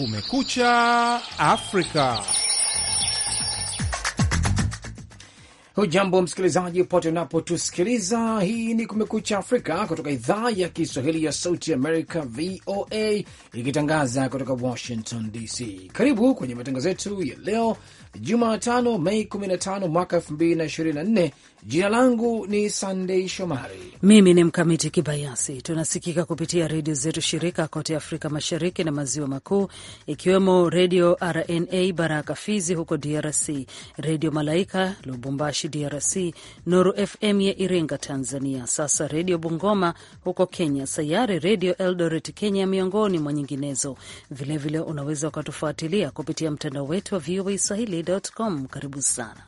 Kumekucha Afrika. Hujambo msikilizaji, pote unapotusikiliza. Hii ni Kumekucha Afrika kutoka idhaa ya Kiswahili ya Sauti Amerika, VOA, ikitangaza kutoka Washington DC. Karibu kwenye matangazo yetu ya leo, Jumatano Mei 15 mwaka 2024. Jina langu ni Sandei Shomari, mimi ni Mkamiti Kibayasi. Tunasikika kupitia redio zetu shirika kote Afrika Mashariki na Maziwa Makuu, ikiwemo Redio RNA Baraka Fizi huko DRC, Redio Malaika Lubumbashi DRC, Noru FM ya Iringa Tanzania, sasa Redio Bungoma huko Kenya, Sayari Redio Eldoret Kenya, miongoni mwa nyinginezo. Vilevile unaweza ukatufuatilia kupitia mtandao wetu wa VOA Swahili voaswahili.com. Karibu sana.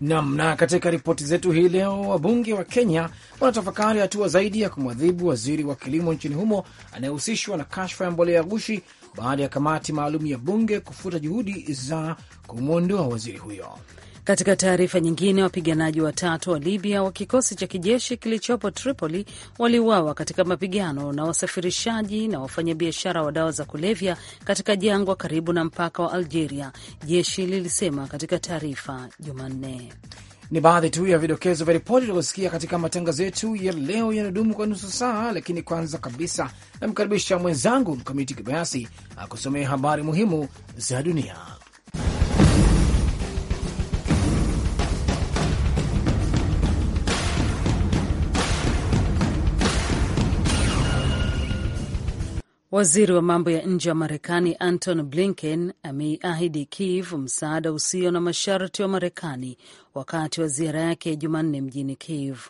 Nam, na katika ripoti zetu hii leo, wabunge wa Kenya wanatafakari hatua zaidi ya kumwadhibu waziri wa kilimo nchini humo anayehusishwa na kashfa ya mbolea ya gushi baada ya kamati maalum ya bunge kufuta juhudi za kumwondoa waziri huyo. Katika taarifa nyingine, wapiganaji watatu wa Libya wa kikosi cha kijeshi kilichopo Tripoli waliuawa katika mapigano na wasafirishaji na wafanyabiashara wa dawa za kulevya katika jangwa karibu na mpaka wa Algeria, jeshi lilisema katika taarifa Jumanne. Ni baadhi tu ya vidokezo vya ripoti tulivyosikia katika matangazo yetu ya leo yanadumu kwa nusu saa, lakini kwanza kabisa namkaribisha mwenzangu Mkamiti Kibayasi akusomea habari muhimu za dunia. Waziri wa mambo ya nje wa Marekani Anton Blinken ameiahidi Kiev msaada usio na masharti wa Marekani wakati wa ziara yake ya Jumanne mjini Kiev.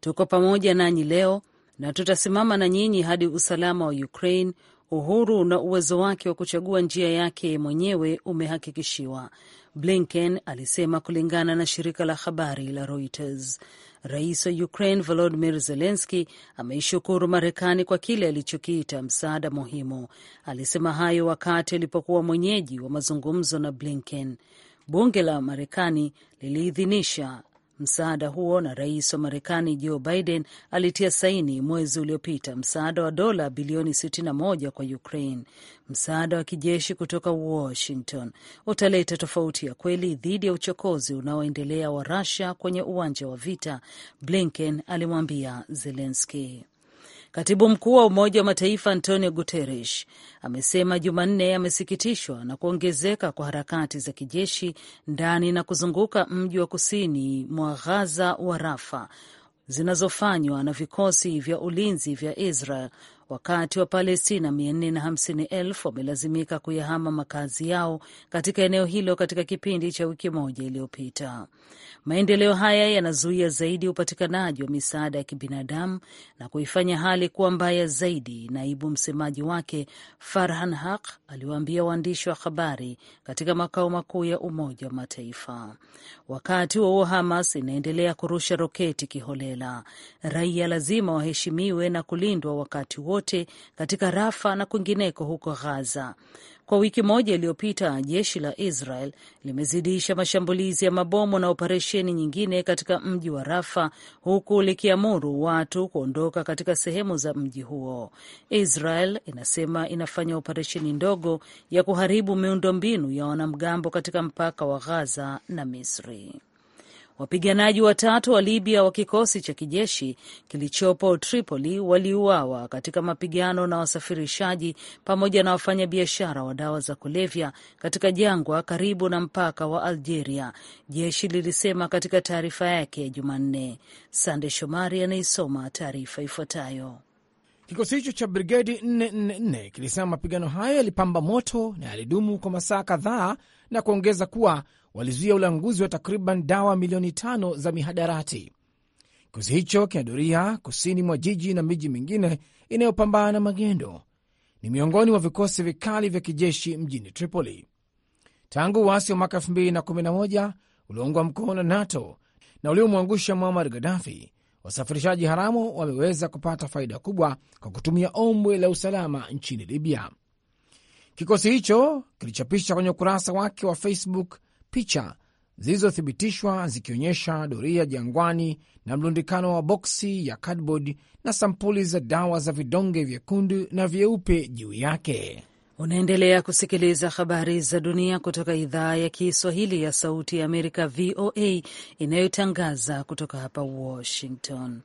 Tuko pamoja nanyi leo na tutasimama na nyinyi hadi usalama wa Ukraine uhuru na uwezo wake wa kuchagua njia yake mwenyewe umehakikishiwa, Blinken alisema, kulingana na shirika la habari la Reuters. Rais wa Ukraine Volodymyr Zelensky ameishukuru Marekani kwa kile alichokiita msaada muhimu. Alisema hayo wakati alipokuwa mwenyeji wa mazungumzo na Blinken. Bunge la Marekani liliidhinisha Msaada huo na rais wa Marekani Joe Biden alitia saini mwezi uliopita msaada wa dola bilioni 61 kwa Ukraine. Msaada wa kijeshi kutoka Washington utaleta tofauti ya kweli dhidi ya uchokozi unaoendelea wa rasia kwenye uwanja wa vita, Blinken alimwambia zelenski Katibu mkuu wa Umoja wa Mataifa Antonio Guterres amesema Jumanne amesikitishwa na kuongezeka kwa harakati za kijeshi ndani na kuzunguka mji wa kusini mwa Ghaza wa Rafa zinazofanywa na vikosi vya ulinzi vya Israel wakati wa Palestina 450,000 wamelazimika kuyahama makazi yao katika eneo hilo katika kipindi cha wiki moja iliyopita. Maendeleo haya yanazuia zaidi upatikanaji wa misaada ya kibinadamu na kuifanya hali kuwa mbaya zaidi, naibu msemaji wake Farhan Haq aliwaambia waandishi wa habari katika makao makuu ya Umoja wa Mataifa. Wakati huo Hamas inaendelea kurusha roketi kiholela. Raia lazima waheshimiwe na kulindwa wakati wote katika Rafa na kwingineko huko Ghaza. Kwa wiki moja iliyopita, jeshi la Israel limezidisha mashambulizi ya mabomu na operesheni nyingine katika mji wa Rafa, huku likiamuru watu kuondoka katika sehemu za mji huo. Israel inasema inafanya operesheni ndogo ya kuharibu miundombinu ya wanamgambo katika mpaka wa Gaza na Misri. Wapiganaji watatu wa Libya wa kikosi cha kijeshi kilichopo Tripoli waliuawa katika mapigano na wasafirishaji pamoja na wafanyabiashara wa dawa za kulevya katika jangwa karibu na mpaka wa Algeria, jeshi lilisema katika taarifa yake ya Jumanne. Sande Shomari anaisoma taarifa ifuatayo. Kikosi hicho cha brigedi 444 kilisema mapigano hayo yalipamba moto na yalidumu kwa masaa kadhaa na kuongeza kuwa walizuia ulanguzi wa takriban dawa milioni tano za mihadarati. Kikosi hicho kinadoria kusini mwa jiji na miji mingine inayopambana na magendo. Ni miongoni mwa vikosi vikali vya kijeshi mjini Tripoli tangu uasi wa mwaka 2011 ulioungwa mkono na NATO na uliomwangusha Muammar Gaddafi. Wasafirishaji haramu wameweza kupata faida kubwa kwa kutumia ombwe la usalama nchini Libya. Kikosi hicho kilichapisha kwenye ukurasa wake wa Facebook picha zilizothibitishwa zikionyesha doria jangwani na mlundikano wa boksi ya kadbodi na sampuli za dawa za vidonge vyekundu na vyeupe juu yake. Unaendelea kusikiliza habari za dunia kutoka idhaa ya Kiswahili ya Sauti ya Amerika, VOA, inayotangaza kutoka hapa Washington.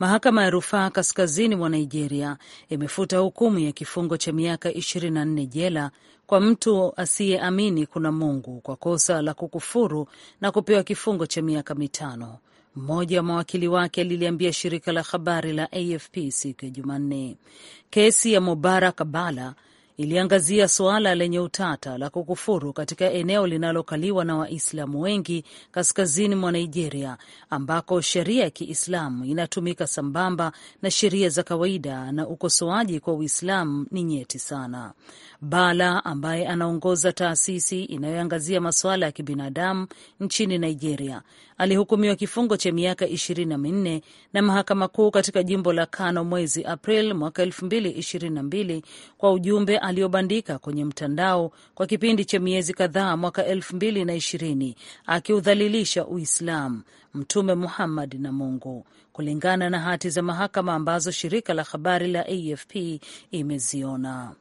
Mahakama ya rufaa kaskazini mwa Nigeria imefuta hukumu ya kifungo cha miaka 24 jela kwa mtu asiyeamini kuna Mungu kwa kosa la kukufuru na kupewa kifungo cha miaka mitano. Mmoja wa mawakili wake aliliambia shirika la habari la AFP siku ya Jumanne. Kesi ya Mubarak Bala iliangazia suala lenye utata la kukufuru katika eneo linalokaliwa na Waislamu wengi kaskazini mwa Nigeria, ambako sheria ya Kiislamu inatumika sambamba na sheria za kawaida na ukosoaji kwa Uislamu ni nyeti sana. Bala ambaye anaongoza taasisi inayoangazia masuala ya kibinadamu nchini Nigeria alihukumiwa kifungo cha miaka ishirini na minne na mahakama kuu katika jimbo la Kano mwezi April mwaka elfu mbili ishirini na mbili kwa ujumbe aliyobandika kwenye mtandao kwa kipindi cha miezi kadhaa mwaka elfu mbili na ishirini akiudhalilisha Uislamu, Mtume Muhammad na Mungu, kulingana na hati za mahakama ambazo shirika la habari la AFP imeziona.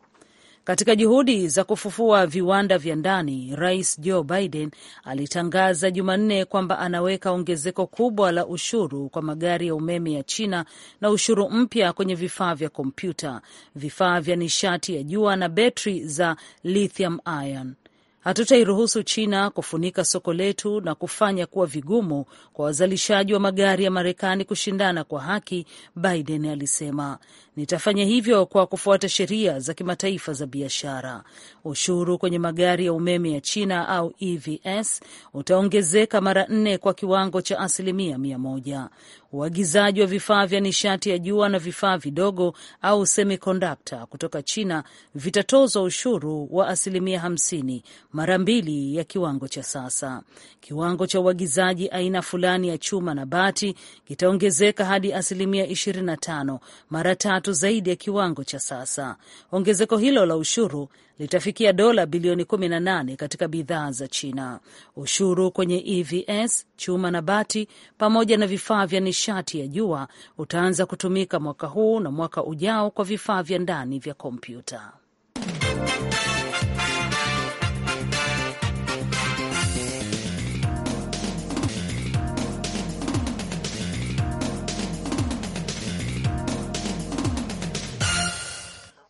Katika juhudi za kufufua viwanda vya ndani, Rais Joe Biden alitangaza Jumanne kwamba anaweka ongezeko kubwa la ushuru kwa magari ya umeme ya China na ushuru mpya kwenye vifaa vya kompyuta, vifaa vya nishati ya jua na betri za lithium ion. Hatutairuhusu China kufunika soko letu na kufanya kuwa vigumu kwa wazalishaji wa magari ya Marekani kushindana kwa haki, Biden alisema. Nitafanya hivyo kwa kufuata sheria za kimataifa za biashara. Ushuru kwenye magari ya umeme ya China au EVs utaongezeka mara nne kwa kiwango cha asilimia mia moja. Uagizaji wa vifaa vya nishati ya jua na vifaa vidogo au semiconductor kutoka China vitatozwa ushuru wa asilimia hamsini, mara mbili ya kiwango cha sasa. Kiwango cha uagizaji aina fulani ya chuma na bati kitaongezeka hadi asilimia ishirini na tano mara tatu tatu zaidi ya kiwango cha sasa. Ongezeko hilo la ushuru litafikia dola bilioni 18 katika bidhaa za China. Ushuru kwenye EVs, chuma na bati, pamoja na vifaa vya nishati ya jua utaanza kutumika mwaka huu na mwaka ujao kwa vifaa vya ndani vya kompyuta.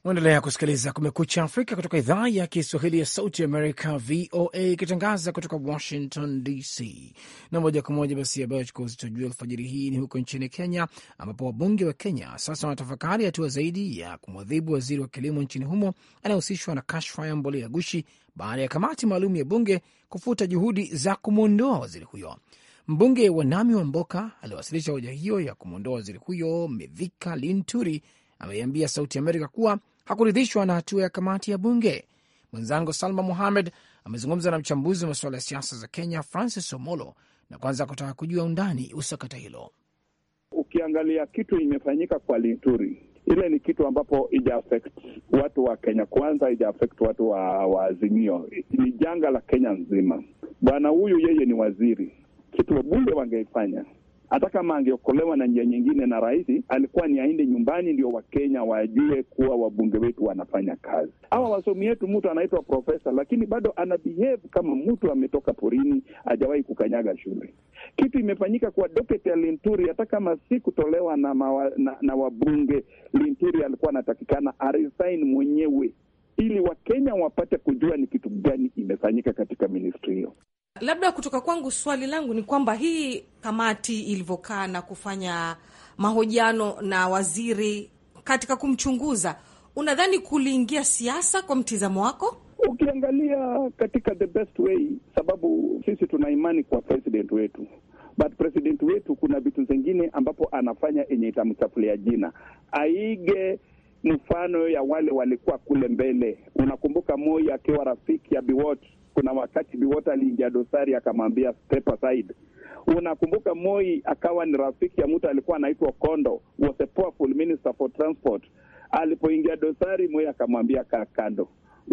Mwendelea kusikiliza Kumekucha Afrika kutoka idhaa ya Kiswahili ya Sauti Amerika, VOA, ikitangaza kutoka Washington DC na moja kwa moja. Basi ambayo chukua uzito juu alfajiri hii ni huko nchini Kenya, ambapo wabunge wa Kenya sasa wanatafakari hatua zaidi ya kumwadhibu waziri wa kilimo nchini humo anayehusishwa na kashfa ya mbolea gushi baada ya kamati maalum ya bunge kufuta juhudi za kumwondoa waziri huyo. Mbunge wa Nami wa Mboka aliwasilisha hoja hiyo ya kumwondoa waziri huyo. Mithika Linturi ameiambia Sauti Amerika kuwa hakuridhishwa na hatua ya kamati ya bunge. Mwenzangu Salma Muhamed amezungumza na mchambuzi wa masuala ya siasa za Kenya, Francis Omolo, na kwanza kutaka kujua undani usakata hilo. Ukiangalia kitu imefanyika kwa Linturi, ile ni kitu ambapo ija affect watu wa Kenya kwanza, ija affect watu wa, wa Azimio. Ni janga la Kenya nzima. Bwana huyu yeye ni waziri, kitu wabunge wangeifanya hata kama angeokolewa na njia nyingine na rais, alikuwa ni aende nyumbani ndio Wakenya wajue kuwa wabunge wetu wanafanya kazi. Hawa wasomi wetu, mtu anaitwa profesa, lakini bado ana behave kama mtu ametoka porini, hajawahi kukanyaga shule. Kitu imefanyika kwa ya Linturi, hata kama si kutolewa na, mawa, na, na wabunge, Linturi alikuwa anatakikana aresign mwenyewe ili Wakenya wapate kujua ni kitu gani imefanyika katika ministri hiyo. Labda kutoka kwangu, swali langu ni kwamba hii kamati ilivyokaa na kufanya mahojiano na waziri katika kumchunguza, unadhani kuliingia siasa kwa mtizamo wako? Ukiangalia katika the best way, sababu sisi tuna imani kwa president wetu but president wetu kuna vitu zingine ambapo anafanya yenye itamchafulia jina, aige mfano ya wale walikuwa kule mbele. Unakumbuka Moi akiwa rafiki ya Biwott kuna wakati Biwota aliingia dosari akamwambia step aside. Unakumbuka Moi akawa ni rafiki ya mtu alikuwa anaitwa Kondo, was a powerful minister for transport. Alipoingia dosari, Moi akamwambia kaa kando.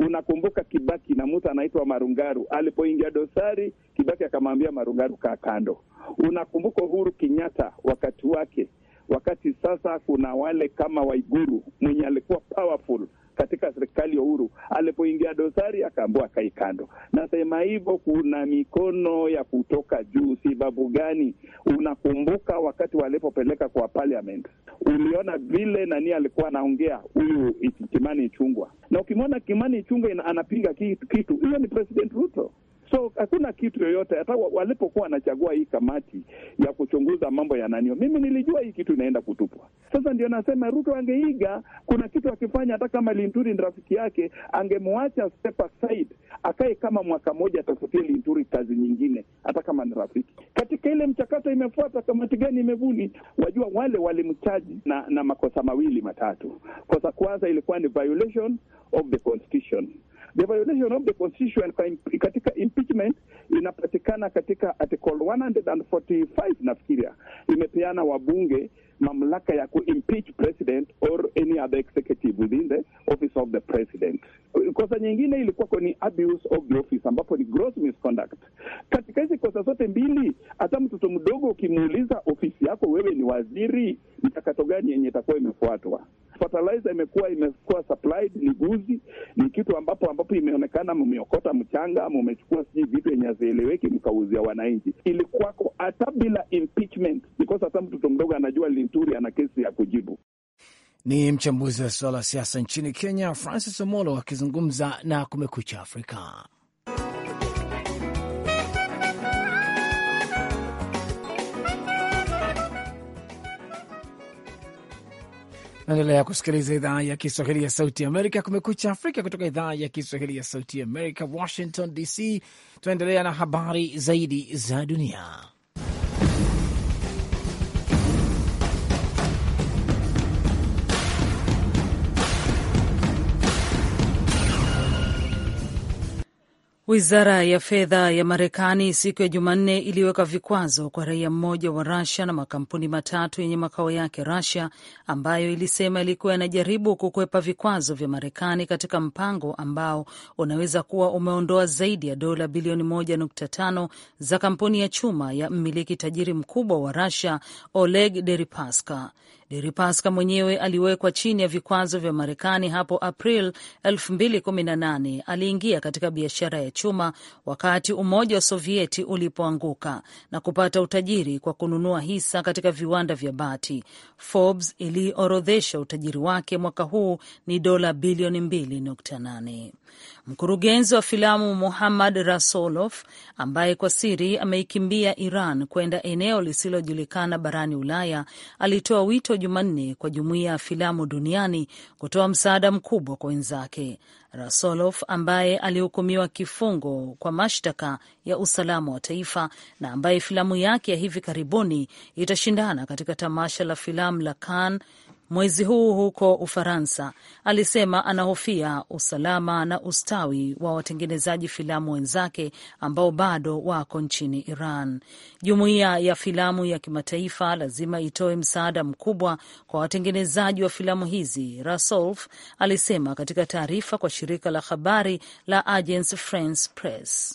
Unakumbuka Kibaki na mtu anaitwa Marungaru, alipoingia dosari, Kibaki akamwambia Marungaru kaa kando. Unakumbuka Uhuru Kenyatta wakati wake, wakati sasa kuna wale kama Waiguru mwenye alikuwa powerful katika serikali ya Uhuru. Alipoingia dosari, akaambua kai kando. Nasema hivyo, kuna mikono ya kutoka juu. Sababu gani? Unakumbuka wakati walipopeleka kwa parliament, uliona vile nani alikuwa anaongea huyu Kimani Ichungwa, na ukimwona Kimani Ichungwa anapinga kitu, hiyo ni President Ruto. So hakuna kitu yoyote, hata walipokuwa wanachagua hii kamati ya kuchunguza mambo ya nanio, mimi nilijua hii kitu inaenda kutupwa. Sasa ndio nasema Ruto angeiga, kuna kitu akifanya, hata kama Linturi ni rafiki yake, angemwacha step aside, akae kama mwaka moja atafutie Linturi kazi nyingine, hata kama ni rafiki. Katika ile mchakato imefuata, kamati gani imevuni? Wajua wale walimchaji na, na makosa mawili matatu. Kosa kwanza ilikuwa ni violation of the constitution The violation of the constitution katika impeachment inapatikana katika article 145 nafikiria, imepeana wabunge mamlaka ya ku impeach president or any other executive within the office of the president. Kosa nyingine ilikuwa ni abuse of the office, ambapo ni gross misconduct. Katika hizi kosa zote mbili, hata mtoto mdogo ukimuuliza ofisi yako wewe ni waziri, mchakato gani yenye itakuwa imefuatwa? Fertilizer imekuwa imekuwa supplied ni guzi, ni kitu ambapo ambapo imeonekana mmeokota mchanga, mmechukua sijui vitu yenye hazieleweki, mkauzia wananchi. Ilikuwako hata bila impeachment, because hata mtoto mdogo anajua li Ituri ana kesi ya kujibu. Ni mchambuzi wa suala la siasa nchini Kenya, Francis Omolo akizungumza na Kumekucha Afrika. Naendelea kusikiliza idhaa ya Kiswahili ya Sauti ya Amerika, Kumekucha Afrika, kutoka idhaa ya Kiswahili ya Sauti ya Amerika, Washington DC. Tunaendelea na habari zaidi za dunia. Wizara ya fedha ya Marekani siku ya Jumanne iliweka vikwazo kwa raia mmoja wa Rusia na makampuni matatu yenye makao yake Rusia ambayo ilisema ilikuwa yanajaribu kukwepa vikwazo vya Marekani katika mpango ambao unaweza kuwa umeondoa zaidi ya dola bilioni 1.5 za kampuni ya chuma ya mmiliki tajiri mkubwa wa Rusia Oleg Deripaska. Deripaska mwenyewe aliwekwa chini ya vikwazo vya Marekani hapo April 2018. Aliingia katika biashara ya chuma wakati Umoja wa Sovieti ulipoanguka na kupata utajiri kwa kununua hisa katika viwanda vya bati. Forbes iliorodhesha utajiri wake mwaka huu ni dola bilioni 2.8. Mkurugenzi wa filamu Muhammad rasolof ambaye kwa siri ameikimbia Iran kwenda eneo lisilojulikana barani Ulaya, alitoa wito Jumanne kwa jumuiya ya filamu duniani kutoa msaada mkubwa kwa wenzake. rasolof ambaye alihukumiwa kifungo kwa mashtaka ya usalama wa taifa na ambaye filamu yake ya hivi karibuni itashindana katika tamasha la filamu la Cannes mwezi huu huko Ufaransa, alisema anahofia usalama na ustawi wa watengenezaji filamu wenzake ambao bado wako nchini Iran. Jumuiya ya filamu ya kimataifa lazima itoe msaada mkubwa kwa watengenezaji wa filamu hizi, Rasolf alisema katika taarifa kwa shirika la habari la Agence France Presse.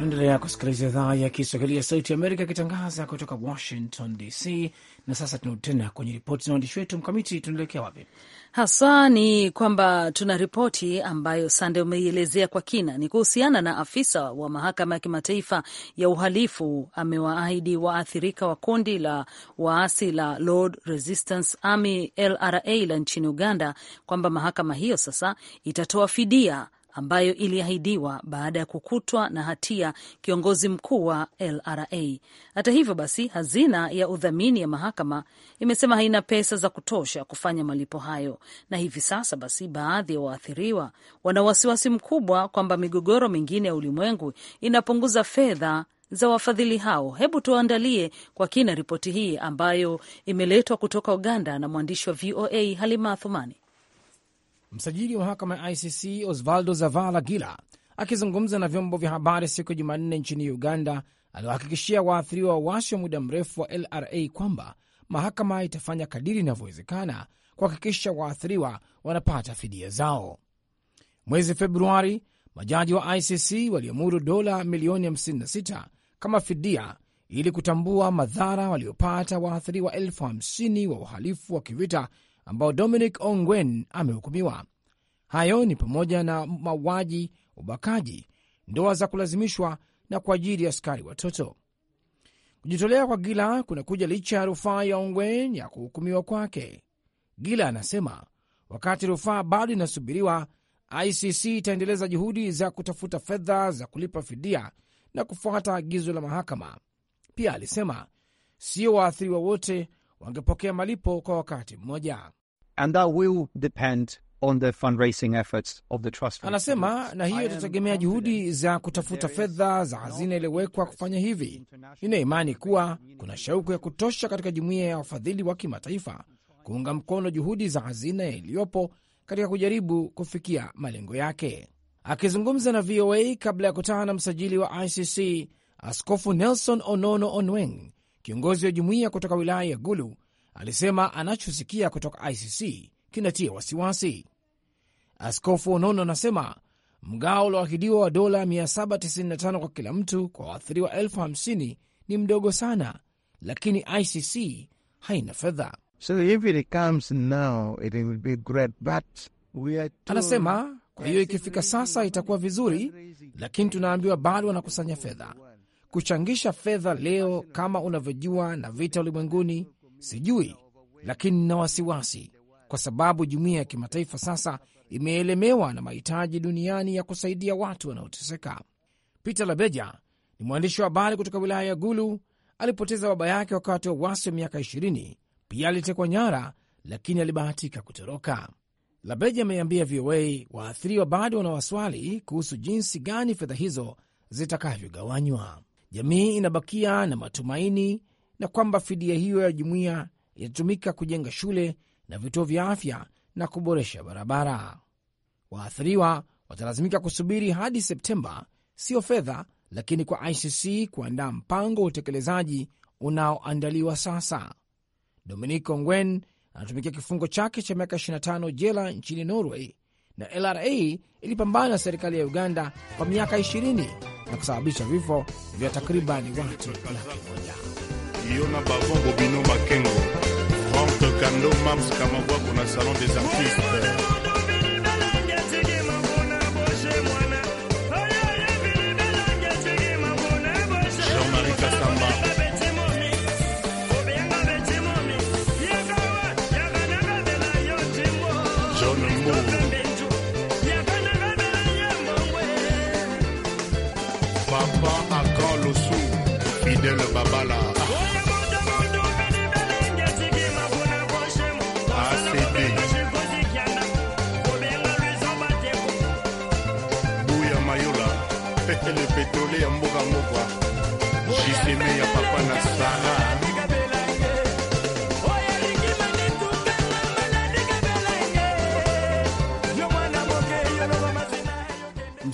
Naendelea kusikiliza idhaa ya Kiswahili ya Sauti Amerika ikitangaza kutoka Washington DC. Na sasa tunarudi tena kwenye ripoti za waandishi wetu. Mkamiti, tunaelekea wapi hasa? Ni kwamba tuna ripoti ambayo Sande umeielezea kwa kina, ni kuhusiana na afisa wa mahakama ya kimataifa ya uhalifu amewaahidi waathirika wa kundi la waasi la Lord Resistance Army LRA la nchini Uganda kwamba mahakama hiyo sasa itatoa fidia ambayo iliahidiwa baada ya kukutwa na hatia kiongozi mkuu wa LRA. Hata hivyo basi, hazina ya udhamini ya mahakama imesema haina pesa za kutosha kufanya malipo hayo, na hivi sasa basi, baadhi ya waathiriwa wana wasiwasi mkubwa kwamba migogoro mingine ya ulimwengu inapunguza fedha za wafadhili hao. Hebu tuandalie kwa kina ripoti hii ambayo imeletwa kutoka Uganda na mwandishi wa VOA Halima Athumani. Msajili wa mahakama ya ICC Osvaldo Zavala Gila akizungumza na vyombo vya habari siku ya Jumanne nchini Uganda aliwahakikishia waathiriwa wa washi wa muda mrefu wa LRA kwamba mahakama itafanya kadiri inavyowezekana kuhakikisha waathiriwa wanapata fidia zao. Mwezi Februari, majaji wa ICC waliamuru dola milioni 56 kama fidia ili kutambua madhara waliopata waathiriwa elfu hamsini wa uhalifu wa kivita ambao Dominic Ongwen amehukumiwa. Hayo ni pamoja na mauaji, ubakaji, ndoa za kulazimishwa na kwa ajili ya askari watoto. Kujitolea kwa Gila kunakuja licha ya rufaa ya Ongwen ya kuhukumiwa kwake. Gila anasema wakati rufaa bado inasubiriwa, ICC itaendeleza juhudi za kutafuta fedha za kulipa fidia na kufuata agizo la mahakama. Pia alisema sio waathiriwa wote wangepokea malipo kwa wakati mmoja and that will depend on the fundraising efforts of the trust. Anasema na hiyo itategemea juhudi za kutafuta fedha za hazina iliyowekwa kufanya hivi. Nina imani kuwa kuna shauku ya kutosha katika jumuiya ya wafadhili wa kimataifa kuunga mkono juhudi za hazina iliyopo katika kujaribu kufikia malengo yake. Akizungumza na VOA kabla ya kutana na msajili wa ICC, Askofu Nelson Onono Onweng, kiongozi wa jumuiya kutoka wilaya ya Gulu, alisema anachosikia kutoka ICC kinatia wasiwasi. Askofu Onono anasema mgao ulioahidiwa wa dola 795 kwa kila mtu kwa waathiriwa elfu hamsini ni mdogo sana, lakini ICC haina fedha. So anasema kwa hiyo ikifika sasa itakuwa vizuri, lakini tunaambiwa bado wanakusanya fedha, kuchangisha fedha leo, kama unavyojua, na vita ulimwenguni Sijui, lakini na wasiwasi kwa sababu jumuiya ya kimataifa sasa imeelemewa na mahitaji duniani ya kusaidia watu wanaoteseka. Peter Labeja ni mwandishi wa habari kutoka wilaya ya Gulu. Alipoteza baba yake wakati wa uasi wa miaka 20. Pia alitekwa nyara, lakini alibahatika kutoroka. Labeja ameambia VOA waathiriwa bado wana waswali kuhusu jinsi gani fedha hizo zitakavyogawanywa. Jamii inabakia na matumaini na kwamba fidia hiyo ya jumuiya itatumika kujenga shule na vituo vya afya na kuboresha barabara. Waathiriwa watalazimika kusubiri hadi Septemba, sio fedha, lakini kwa ICC kuandaa mpango wa utekelezaji unaoandaliwa sasa. Dominic Ongwen anatumikia kifungo chake cha miaka 25 jela nchini Norway, na LRA ilipambana na serikali ya Uganda kwa miaka 20 na kusababisha vifo vya takriban watu laki moja. yo na bavongo bino makengo frank kando mams kamavwako na salon des artistes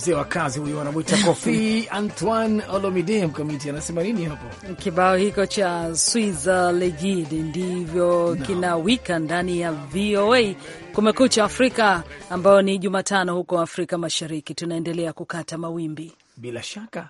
mzee wa kazi huyo anamwita Kofi Antoine Olomide. Mkamiti anasema nini hapo? Kibao hiko cha Swiza Legid ndivyo no. kinawika ndani ya VOA Kumekucha Afrika, ambayo ni Jumatano huko Afrika Mashariki. Tunaendelea kukata mawimbi bila shaka.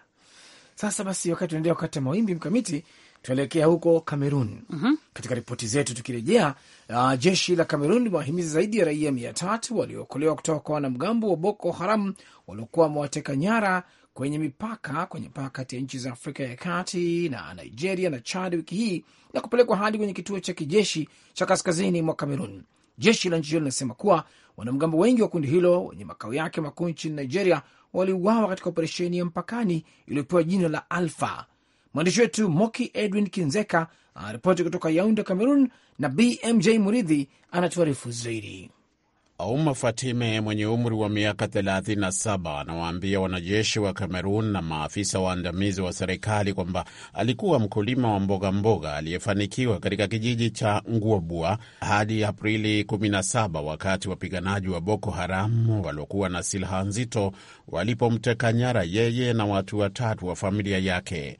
Sasa basi, wakati unaendelea kukata mawimbi Mkamiti tunaelekea huko Kamerun. mm -hmm. Katika ripoti zetu tukirejea, uh, jeshi la Kamerun limewahimiza zaidi ya raia mia tatu waliookolewa kutoka kwa wanamgambo wa Boko Haram waliokuwa wamewateka nyara kwenye mipaka kwenye mpaka kati ya nchi za Afrika ya Kati na Nigeria na Chad wiki hii na kupelekwa hadi kwenye kituo cha kijeshi cha kaskazini mwa Kamerun. Jeshi la nchi hiyo linasema kuwa wanamgambo wengi wa kundi hilo wenye makao yake makuu nchini Nigeria waliuawa katika operesheni ya mpakani iliyopewa jina la Alfa Mwandishi wetu Moki Edwin Kinzeka anaripoti kutoka Yaunde, cameroon na BMJ Muridhi anatuarifu zaidi. Auma Fatime mwenye umri wa miaka 37 anawaambia wanajeshi wa Kamerun na maafisa waandamizi wa serikali kwamba alikuwa mkulima wa mboga mboga aliyefanikiwa katika kijiji cha Nguobua hadi Aprili 17 wakati wapiganaji wa Boko Haram waliokuwa na silaha nzito walipomteka nyara yeye na watu watatu wa familia yake.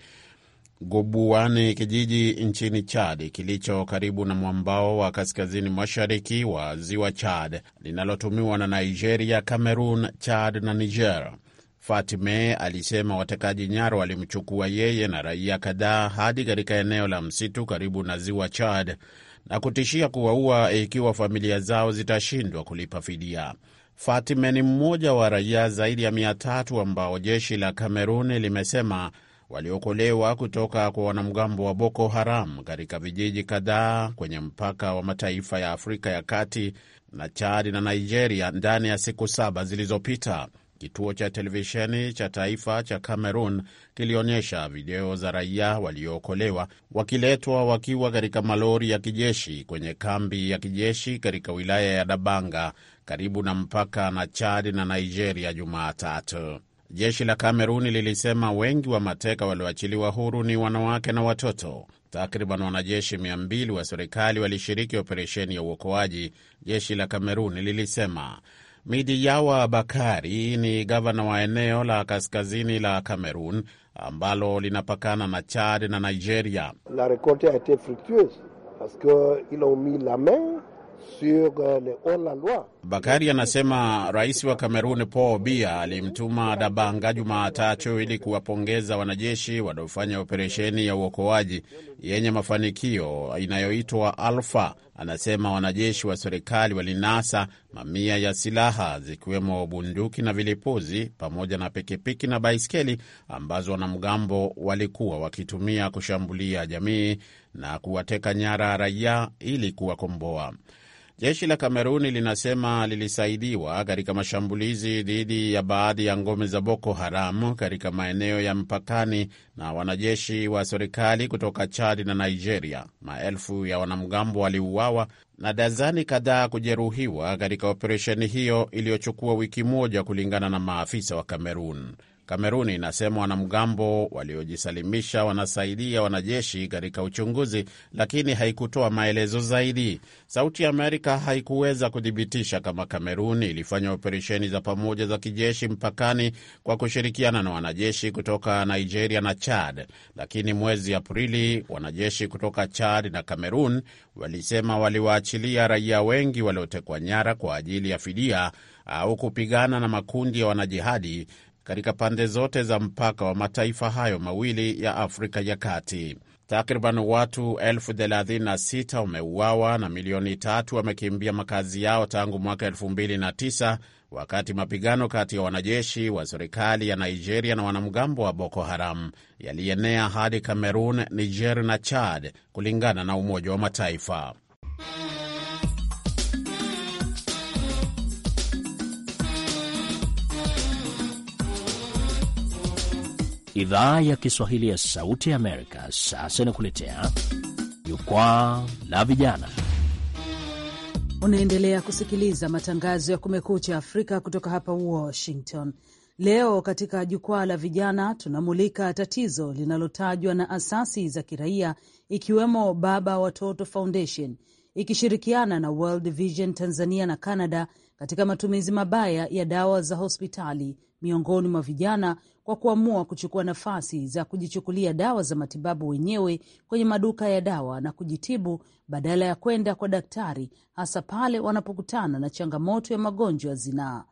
Gubuani, kijiji nchini Chad kilicho karibu na mwambao wa kaskazini mashariki wa ziwa Chad linalotumiwa na Nigeria, Cameroon, Chad na Niger. Fatime alisema watekaji nyara walimchukua yeye na raia kadhaa hadi katika eneo la msitu karibu na ziwa Chad na kutishia kuwaua ikiwa familia zao zitashindwa kulipa fidia. Fatime ni mmoja wa raia zaidi ya mia tatu ambao jeshi la Kameruni limesema waliokolewa kutoka kwa wanamgambo wa Boko Haram katika vijiji kadhaa kwenye mpaka wa mataifa ya Afrika ya Kati na Chad na Nigeria ndani ya siku saba zilizopita. Kituo cha televisheni cha taifa cha Cameroon kilionyesha video za raia waliookolewa wakiletwa wakiwa katika malori ya kijeshi kwenye kambi ya kijeshi katika wilaya ya Dabanga karibu na mpaka na Chad na Nigeria Jumatatu. Jeshi la Kameruni lilisema wengi wa mateka walioachiliwa huru ni wanawake na watoto. Takriban wanajeshi 200 wa serikali walishiriki operesheni ya uokoaji, jeshi la Kameruni lilisema. midi yawa Bakari ni gavana wa eneo la kaskazini la Kamerun ambalo linapakana na Chad na Nigeria. La a ete fructueuse parce ont mis la main sur euh, les hors la loi Bakari anasema rais wa Kamerun Paul Biya alimtuma Dabanga Jumatatu ili kuwapongeza wanajeshi wanaofanya operesheni ya uokoaji yenye mafanikio inayoitwa Alfa. Anasema wanajeshi wa serikali walinasa mamia ya silaha zikiwemo bunduki na vilipuzi pamoja na pikipiki na baiskeli ambazo wanamgambo walikuwa wakitumia kushambulia jamii na kuwateka nyara raia ili kuwakomboa. Jeshi la Kameruni linasema lilisaidiwa katika mashambulizi dhidi ya baadhi ya ngome za Boko Haram katika maeneo ya mpakani na wanajeshi wa serikali kutoka Chad na Nigeria. Maelfu ya wanamgambo waliuawa na dazani kadhaa kujeruhiwa katika operesheni hiyo iliyochukua wiki moja, kulingana na maafisa wa Kamerun. Kameruni inasema wanamgambo waliojisalimisha wanasaidia wanajeshi katika uchunguzi, lakini haikutoa maelezo zaidi. Sauti ya Amerika haikuweza kuthibitisha kama Kameruni ilifanya operesheni za pamoja za kijeshi mpakani kwa kushirikiana na wanajeshi kutoka Nigeria na Chad, lakini mwezi Aprili wanajeshi kutoka Chad na Kamerun walisema waliwaachilia raia wengi waliotekwa nyara kwa ajili ya fidia au kupigana na makundi ya wanajihadi katika pande zote za mpaka wa mataifa hayo mawili ya Afrika ya Kati. Takriban watu elfu thelathini na sita wameuawa na milioni tatu wamekimbia makazi yao tangu mwaka 29 wakati mapigano kati ya wanajeshi wa serikali ya Nigeria na wanamgambo wa Boko Haram yalienea hadi Kamerun, Niger na Chad, kulingana na Umoja wa Mataifa. Idhaa ya Kiswahili ya Sauti ya Amerika sasa inakuletea jukwaa la vijana. Unaendelea kusikiliza matangazo ya Kumekucha Afrika kutoka hapa Washington. Leo katika jukwaa la vijana tunamulika tatizo linalotajwa na asasi za kiraia ikiwemo Baba Watoto Foundation ikishirikiana na World Vision Tanzania na Canada katika matumizi mabaya ya dawa za hospitali miongoni mwa vijana kwa kuamua kuchukua nafasi za kujichukulia dawa za matibabu wenyewe kwenye maduka ya dawa na kujitibu badala ya kwenda kwa daktari, hasa pale wanapokutana na changamoto ya magonjwa ya zinaa.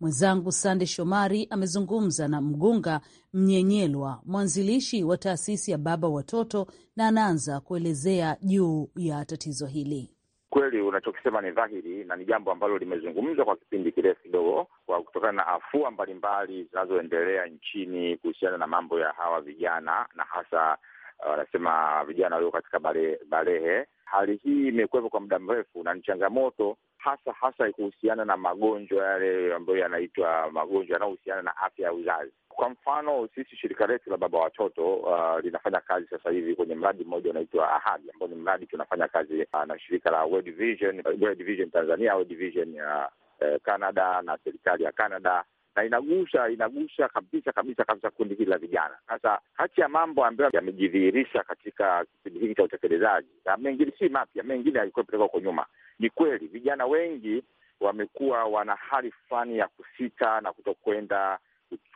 Mwenzangu Sande Shomari amezungumza na Mgunga Mnyenyelwa, mwanzilishi wa taasisi ya Baba Watoto, na anaanza kuelezea juu ya tatizo hili. Kweli unachokisema ni dhahiri na ni jambo ambalo limezungumzwa kwa kipindi kirefu kidogo, kwa kutokana na afua mbalimbali zinazoendelea nchini kuhusiana na mambo ya hawa vijana na hasa uh, wanasema uh, vijana walio katika barehe balehe. Hali hii imekuwepo kwa muda mrefu na ni changamoto hasa hasa kuhusiana na magonjwa yale ambayo yanaitwa magonjwa yanayohusiana na afya ya uzazi. Kwa mfano sisi shirika letu la baba watoto uh, linafanya kazi sasa hivi kwenye mradi mmoja unaitwa Ahadi, ambao ni mradi tunafanya kazi uh, na shirika la World Vision, uh, World Vision Tanzania, World Vision ya uh, uh, Canada na serikali ya Canada na inagusa inagusa kabisa kabisa kabisa kundi hili la vijana. Sasa kati ya mambo ambayo yamejidhihirisha katika kipindi hiki cha utekelezaji, na mengine si mapya, mengine yalikuwapelekwa huko nyuma, ni kweli vijana wengi wamekuwa wana hali fulani ya kusita na kutokwenda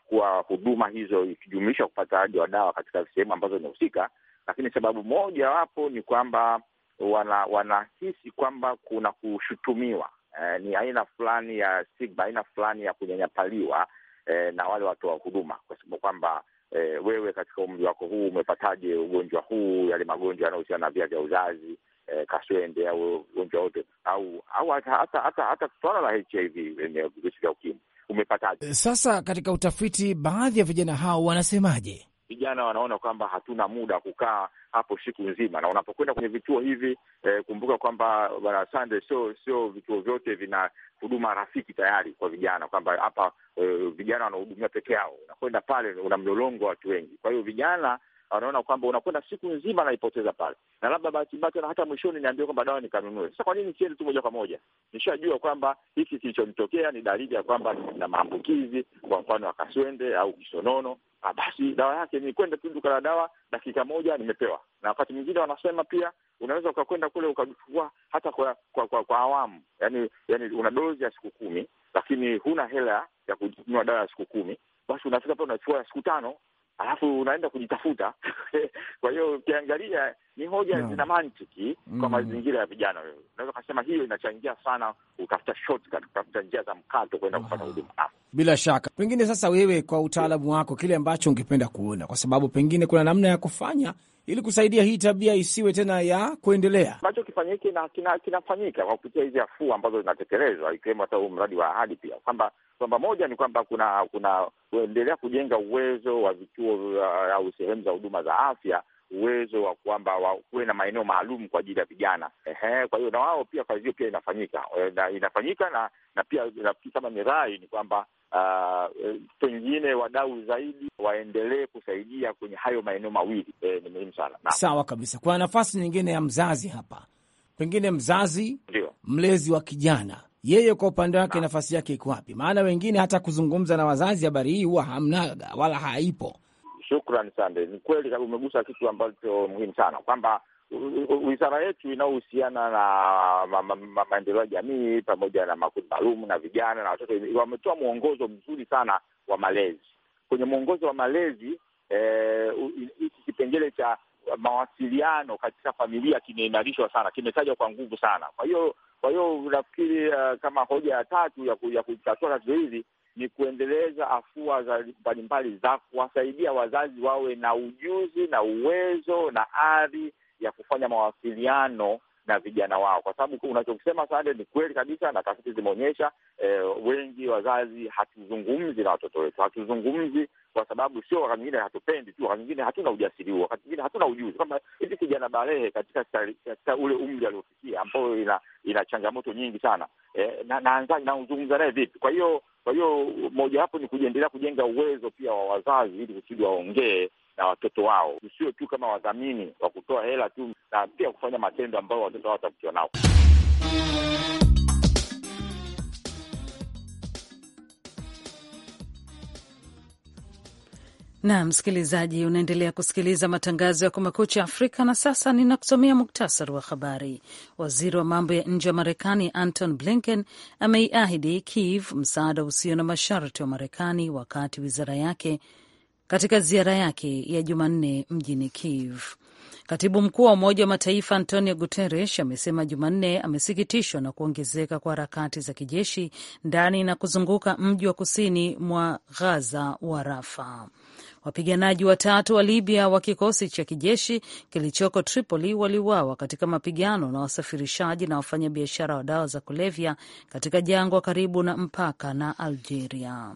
kuchukua huduma hizo ikijumuisha upataji wa dawa katika sehemu ambazo zinahusika. Lakini sababu moja wapo ni kwamba wana- wanahisi kwamba kuna kushutumiwa eh, ni aina fulani ya stigma, aina fulani ya kunyanyapaliwa eh, na wale watoa wa huduma kwa sababu kwamba eh, wewe katika umri wako huu umepataje ugonjwa huu, yale magonjwa yanayohusiana na via vya uzazi eh, kaswende au ugonjwa wote au au hata hata hata suala la HIV enye eh, virusi vya ukimwi umepataje? Eh, sasa katika utafiti, baadhi ya vijana hao wanasemaje? Vijana wanaona kwamba hatuna muda kukaa hapo siku nzima, na unapokwenda kwenye vituo hivi eh, kumbuka kwamba bwana Sande, sio sio vituo vyote vina huduma rafiki tayari kwa vijana, kwamba hapa eh, vijana wanahudumia peke yao. Unakwenda pale, una mlolongo wa watu wengi, kwa hiyo vijana anaona kwamba unakwenda siku nzima anaipoteza pale, na labda bahati mbaya tena hata mwishoni niambie kwamba dawa nikanunue. Sasa kwa nini siende tu moja kwa moja? Nishajua kwamba hiki kilichonitokea ni dalili ya kwamba na maambukizi, kwa mfano ya kaswende au kisonono. Ah, basi dawa yake ni kwenda tu duka la dawa, dakika moja nimepewa. Na wakati mwingine wanasema pia unaweza ukakwenda kule ukachukua hata kwa kwa, kwa, kwa awamu, yani, yani una dozi ya siku kumi, lakini huna hela ya kununua dawa ya siku kumi, basi unafika pale unachukua ya siku tano alafu unaenda kujitafuta. Kwa hiyo ukiangalia ni hoja no. zina mantiki mm. kwa mazingira ya vijana. Wewe unaweza ukasema hiyo inachangia sana kutafuta shortcut, kutafuta njia za mkato kwenda kupata huduma. Bila shaka, pengine sasa, wewe kwa utaalamu wako, kile ambacho ungependa kuona, kwa sababu pengine kuna namna ya kufanya ili kusaidia hii tabia isiwe tena ya kuendelea, ambacho kifanyike na kinafanyika kina kwa kupitia hizi afua ambazo zinatekelezwa, ikiwemo hata huu mradi wa ahadi pia, kwamba kwamba moja ni kwamba kuna kuna kuendelea kujenga uwezo wa vituo au sehemu za huduma za afya uwezo wa kwamba kuwe na maeneo maalum kwa ajili ya vijana. Ehe, kwa hiyo na wao pia kazi hiyo pia inafanyika e, na, inafanyika na na pia nafikiri kama ni rai ni kwamba uh, pengine wadau zaidi waendelee kusaidia kwenye hayo maeneo mawili e, ni muhimu sana. Sawa kabisa. Kuna nafasi nyingine ya mzazi hapa, pengine mzazi ndio mlezi wa kijana yeye kwa upande wake nafasi yake iko wapi? Maana wengine hata kuzungumza na wazazi habari hii huwa hamnaga wala haipo. Shukran sande. Ni kweli umegusa kitu ambacho muhimu sana kwamba wizara yetu inayohusiana na maendeleo ya jamii pamoja na makundi maalum na vijana na watoto wametoa mwongozo mzuri sana wa malezi. Kwenye mwongozo wa malezi eh, hiki e, kipengele cha mawasiliano katika familia kimeimarishwa sana, kimetajwa kwa nguvu sana. Kwa hiyo kwa hiyo nafikiri uh, kama hoja ya tatu ya kutatua tatizo hili ni kuendeleza afua mbalimbali za kuwasaidia wazazi wawe na ujuzi na uwezo na ari ya kufanya mawasiliano na vijana wao, kwa sababu unachokisema Sande ni kweli kabisa, na tafiti zimeonyesha eh, wengi wazazi hatuzungumzi na watoto wetu, hatuzungumzi kwa sababu sio, wakati mwingine hatupendi tu, wakati mwingine hatuna ujasiri huo, wakati mwingine hatuna ujuzi kwamba hivi. Kijana barehe katika, katika ule umri aliofikia, ambayo ina, ina changamoto nyingi sana eh, na na uzungumza naye vipi? Kwa hiyo kwa hiyo moja wapo ni kuendelea kujenga uwezo pia wa wazazi, ili kusudi waongee na watoto wao, usiwe tu kama wadhamini wa kutoa hela tu, na pia kufanya matendo ambayo watoto wao watakutia nao. Na msikilizaji, unaendelea kusikiliza matangazo ya Kumekucha Afrika, na sasa ninakusomea muktasari wa habari. Waziri wa mambo ya nje wa Marekani Anton Blinken ameiahidi Kiev msaada usio na masharti wa Marekani wakati wizara yake katika ziara yake ya Jumanne mjini Kiev. Katibu mkuu wa Umoja wa Mataifa Antonio Guterres amesema Jumanne amesikitishwa na kuongezeka kwa harakati za kijeshi ndani na kuzunguka mji wa kusini mwa Ghaza wa Rafa. Wapiganaji watatu wa Libya wa kikosi cha kijeshi kilichoko Tripoli waliuawa katika mapigano na wasafirishaji na wafanyabiashara wa dawa za kulevya katika jangwa karibu na mpaka na Algeria.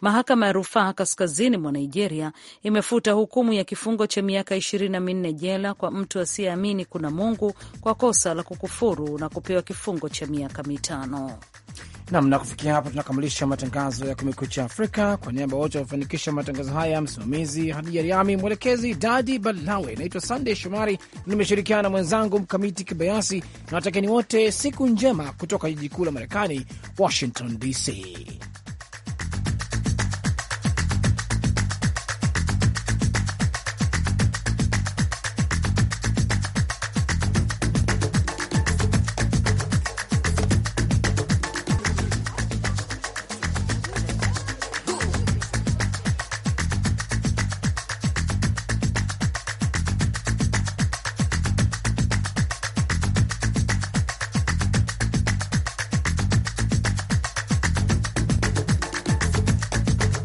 Mahakama ya rufaa kaskazini mwa Nigeria imefuta hukumu ya kifungo cha miaka ishirini na minne jela kwa mtu asiyeamini kuna Mungu kwa kosa la kukufuru na kupewa kifungo cha miaka mitano nam na kufikia hapa tunakamilisha matangazo ya Kumekucha Afrika. Kwa niaba wote wamefanikisha matangazo haya, msimamizi Hadija Riami, mwelekezi Dadi Balawe. Naitwa Sandey Shomari, nimeshirikiana na mwenzangu Mkamiti Kibayasi na watakeni wote siku njema kutoka jiji kuu la Marekani, Washington DC.